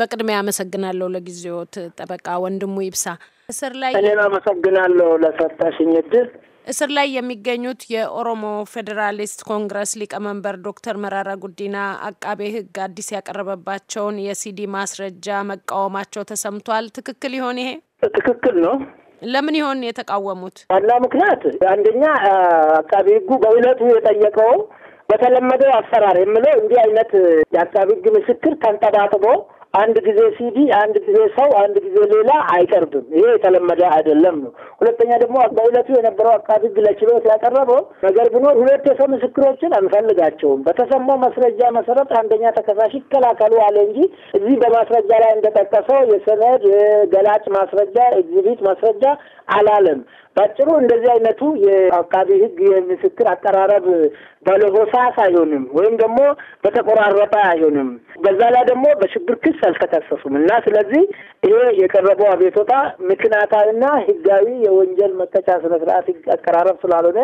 በቅድሚያ አመሰግናለሁ ለጊዜዎት ጠበቃ ወንድሙ ይብሳ። እስር ላይ እኔም አመሰግናለሁ ለሰጠሽኝ እድል። እስር ላይ የሚገኙት የኦሮሞ ፌዴራሊስት ኮንግረስ ሊቀመንበር ዶክተር መራራ ጉዲና አቃቤ ሕግ አዲስ ያቀረበባቸውን የሲዲ ማስረጃ መቃወማቸው ተሰምቷል። ትክክል ይሆን ይሄ? ትክክል ነው። ለምን ይሆን የተቃወሙት? ዋና ምክንያት አንደኛ አቃቤ ህጉ በእለቱ የጠየቀው በተለመደው አሰራር የምለው እንዲህ አይነት የአቃቤ ህግ ምስክር ተንጠባጥቦ አንድ ጊዜ ሲዲ፣ አንድ ጊዜ ሰው፣ አንድ ጊዜ ሌላ አይቀርብም። ይሄ የተለመደ አይደለም ነው። ሁለተኛ ደግሞ በዕለቱ የነበረው አቃቤ ህግ ለችሎት ያቀረበው ነገር ቢኖር ሁለት የሰው ምስክሮችን አንፈልጋቸውም፣ በተሰማው ማስረጃ መሰረት አንደኛ ተከሳሽ ይከላከሉ አለ እንጂ እዚህ በማስረጃ ላይ እንደጠቀሰው የሰነድ የገላጭ ማስረጃ፣ ኤግዚቢት ማስረጃ አላለም። ባጭሩ እንደዚህ አይነቱ የአቃቢ ህግ የምስክር አቀራረብ በለሆሳስ አይሆንም ወይም ደግሞ በተቆራረጠ አይሆንም። በዛ ላይ ደግሞ በሽብር ክስ አልተከሰሱም እና ስለዚህ ይሄ የቀረበው አቤቶታ ምክንያታዊና ህጋዊ የወንጀል መቀጫ ስነስርዓት አቀራረብ ስላልሆነ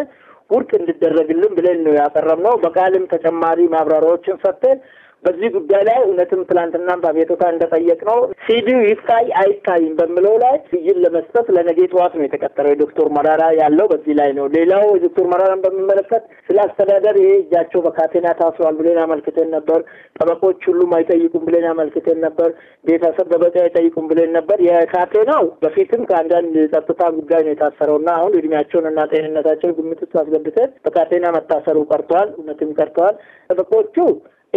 ውድቅ እንዲደረግልን ብለን ነው ያቀረብነው። በቃልም ተጨማሪ ማብራሪያዎችን ሰጥተን በዚህ ጉዳይ ላይ እውነትም ትላንትናም በአቤቶታ እንደጠየቅ ነው ሲዲው ይታይ አይታይም በሚለው ላይ ብይን ለመስጠት ለነገ ጠዋት ነው የተቀጠረው የዶክተር መራራ ያለው በዚህ ላይ ነው። ሌላው የዶክተር መራራን በሚመለከት ስለ አስተዳደር ይሄ እጃቸው በካቴና ታስሯል ብለን አመልክተን ነበር። ጠበቆች ሁሉም አይጠይቁም ብለን አመልክተን ነበር። ቤተሰብ በበቂ አይጠይቁም ብለን ነበር። የካቴናው በፊትም ከአንዳንድ ጸጥታ ጉዳይ ነው የታሰረው እና አሁን እድሜያቸውን እና ጤንነታቸው ግምት ውስጥ አስገብተን በካቴና መታሰሩ ቀርተዋል። እውነትም ቀርተዋል ጠበቆቹ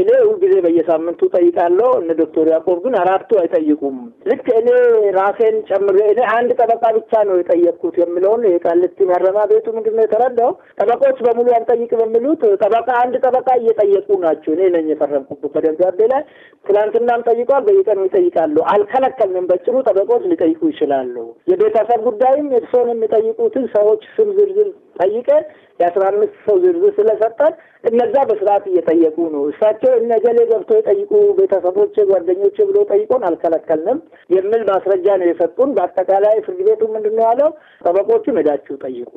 እኔ ሁል ጊዜ በየሳምንቱ ጠይቃለሁ። እነ ዶክተር ያዕቆብ ግን አራቱ አይጠይቁም። ልክ እኔ ራሴን ጨምሬ እኔ አንድ ጠበቃ ብቻ ነው የጠየቅኩት የሚለውን የቃሊቲ ማረሚያ ቤቱ ምንድን ነው የተረዳው፣ ጠበቆች በሙሉ ያልጠይቅ በሚሉት ጠበቃ አንድ ጠበቃ እየጠየቁ ናቸው። እኔ ነኝ የፈረምኩበት በደብዳቤ ላይ። ትናንትናም ጠይቋል፣ በየቀኑ ይጠይቃሉ። አልከለከልንም። በጭሩ ጠበቆች ሊጠይቁ ይችላሉ። የቤተሰብ ጉዳይም የሰውን የሚጠይቁትን ሰዎች ስም ዝርዝር ጠይቀን የአስራ አምስት ሰው ዝርዝር ስለሰጠን እነዛ በስርዓት እየጠየቁ ነው። እሳቸው እነገሌ ገብቶ የጠይቁ ቤተሰቦች፣ ጓደኞች ብሎ ጠይቆን አልከለከልንም የሚል ማስረጃ ነው የሰጡን። በአጠቃላይ ፍርድ ቤቱ ምንድን ነው ያለው? ጠበቆቹን ሄዳችሁ ጠይቁ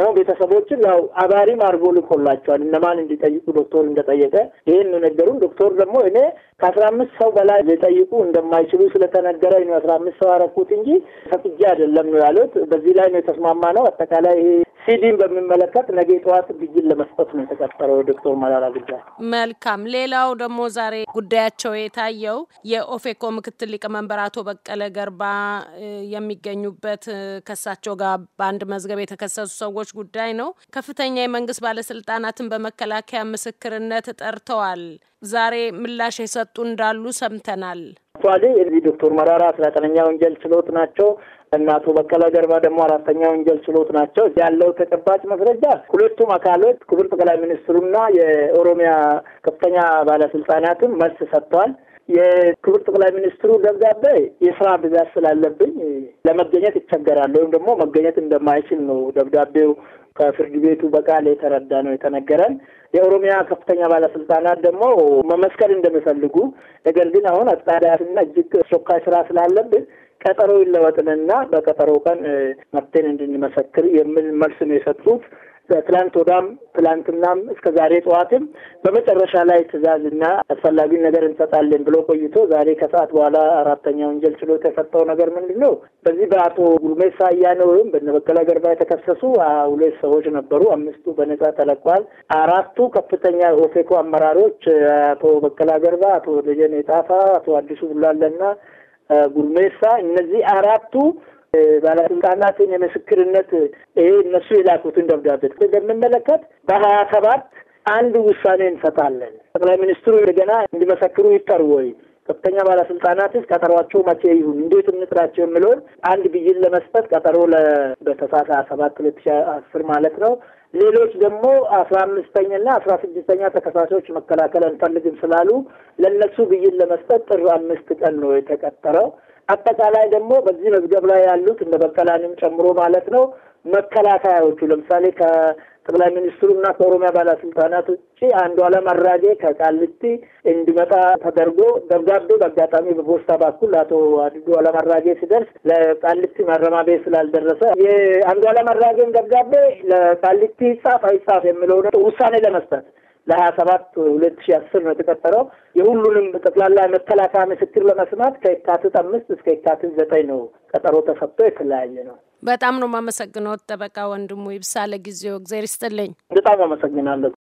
ነው። ቤተሰቦችን ያው አባሪም አድርጎ ልኮላቸዋል እነማን እንዲጠይቁ ዶክተር እንደጠየቀ ይህን ነገሩን። ዶክተር ደግሞ እኔ ከአስራ አምስት ሰው በላይ ሊጠይቁ እንደማይችሉ ስለተነገረ ነው አስራ አምስት ሰው አረኩት እንጂ ፈቅጄ አይደለም ነው ያሉት። በዚህ ላይ ነው የተስማማ ነው። አጠቃላይ ይሄ ሲዲን በሚመለከት ነገ ጠዋት ብይን ለመስጠት ነው የተቀጠረው ዶክተር መራራ ጉዳይ። መልካም። ሌላው ደግሞ ዛሬ ጉዳያቸው የታየው የኦፌኮ ምክትል ሊቀመንበር አቶ በቀለ ገርባ የሚገኙበት ከሳቸው ጋር በአንድ መዝገብ የተከሰሱ ሰዎች ጉዳይ ነው። ከፍተኛ የመንግስት ባለስልጣናትን በመከላከያ ምስክርነት ጠርተዋል። ዛሬ ምላሽ የሰጡ እንዳሉ ሰምተናል። ዶክተር መራራ ስለ ዘጠነኛ ወንጀል ችሎት ናቸው እና አቶ በቀለ ገርባ ደግሞ አራተኛ ወንጀል ችሎት ናቸው። ያለው ተጨባጭ ማስረጃ ሁለቱም አካሎች ክቡር ጠቅላይ ሚኒስትሩና የኦሮሚያ ከፍተኛ ባለስልጣናትም መልስ ሰጥተዋል። የክቡር ጠቅላይ ሚኒስትሩ ደብዳቤ የስራ ብዛት ስላለብኝ ለመገኘት ይቸገራል ወይም ደግሞ መገኘት እንደማይችል ነው ደብዳቤው ከፍርድ ቤቱ በቃል የተረዳ ነው የተነገረን። የኦሮሚያ ከፍተኛ ባለስልጣናት ደግሞ መመስከር እንደሚፈልጉ ነገር ግን አሁን አጣዳፊና እጅግ አስቸኳይ ስራ ስላለብን ቀጠሮ ይለወጥንና በቀጠሮ ቀን መፍትሄን እንድንመሰክር የሚል መልስ ነው የሰጡት። ትላንት ወዳም ትላንትናም እስከ ዛሬ ጠዋትም በመጨረሻ ላይ ትእዛዝና አስፈላጊ ነገር እንሰጣለን ብሎ ቆይቶ ዛሬ ከሰዓት በኋላ አራተኛ ወንጀል ችሎት የሰጠው ነገር ምንድን ነው? በዚህ በአቶ ጉርሜሳ አያነ ወይም በእነ በቀለ ገርባ የተከሰሱ ሁለት ሰዎች ነበሩ። አምስቱ በነጻ ተለቋል። አራቱ ከፍተኛ የኦፌኮ አመራሮች አቶ በቀለ ገርባ፣ አቶ ደጀኔ ጣፋ፣ አቶ አዲሱ ቡላለና ጉርሜሳ፣ እነዚህ አራቱ ባለስልጣናትን የምስክርነት ይሄ እነሱ የላኩትን ደብዳቤ እንደምንመለከት በሀያ ሰባት አንድ ውሳኔ እንሰጣለን። ጠቅላይ ሚኒስትሩ እንደገና እንዲመሰክሩ ይጠሩ ወይ ከፍተኛ ባለስልጣናትስ ቀጠሯቸው መቼ ይሁን፣ እንዴት እንጥራቸው የሚለውን አንድ ብይን ለመስጠት ቀጠሮ በተሳት ሰባት ሁለት ሺ አስር ማለት ነው። ሌሎች ደግሞ አስራ አምስተኛና አስራ ስድስተኛ ተከሳሾች መከላከል አንፈልግም ስላሉ ለነሱ ብይን ለመስጠት ጥር አምስት ቀን ነው የተቀጠረው። አጠቃላይ ደግሞ በዚህ መዝገብ ላይ ያሉት እንደ በቀላንም ጨምሮ ማለት ነው መከላከያዎቹ ለምሳሌ ከጠቅላይ ሚኒስትሩ እና ከኦሮሚያ ባለስልጣናት ውጭ አንዱ አለም ከቃልቲ ከቃሊቲ እንዲመጣ ተደርጎ ደብዳቤ በአጋጣሚ በፖስታ በኩል አቶ አዲዱ አለም ሲደርስ ለቃልቲ ማረሚያ ቤት ስላልደረሰ የአንዱ አለም አራጌን ደብዳቤ ለቃሊቲ ይጻፍ አይጻፍ የሚለው ውሳኔ ለመስጠት ለሀያ ሰባት ሁለት ሺ አስር ነው የተቀጠረው። የሁሉንም ጠቅላላ መከላከያ ምስክር ለመስማት ከየካቲት አምስት እስከ የካቲት ዘጠኝ ነው ቀጠሮ ተሰጥቶ የተለያየ ነው። በጣም ነው የማመሰግነው ጠበቃ ወንድሙ ይብሳ ለጊዜው፣ እግዜር ይስጥልኝ። በጣም አመሰግናለሁ።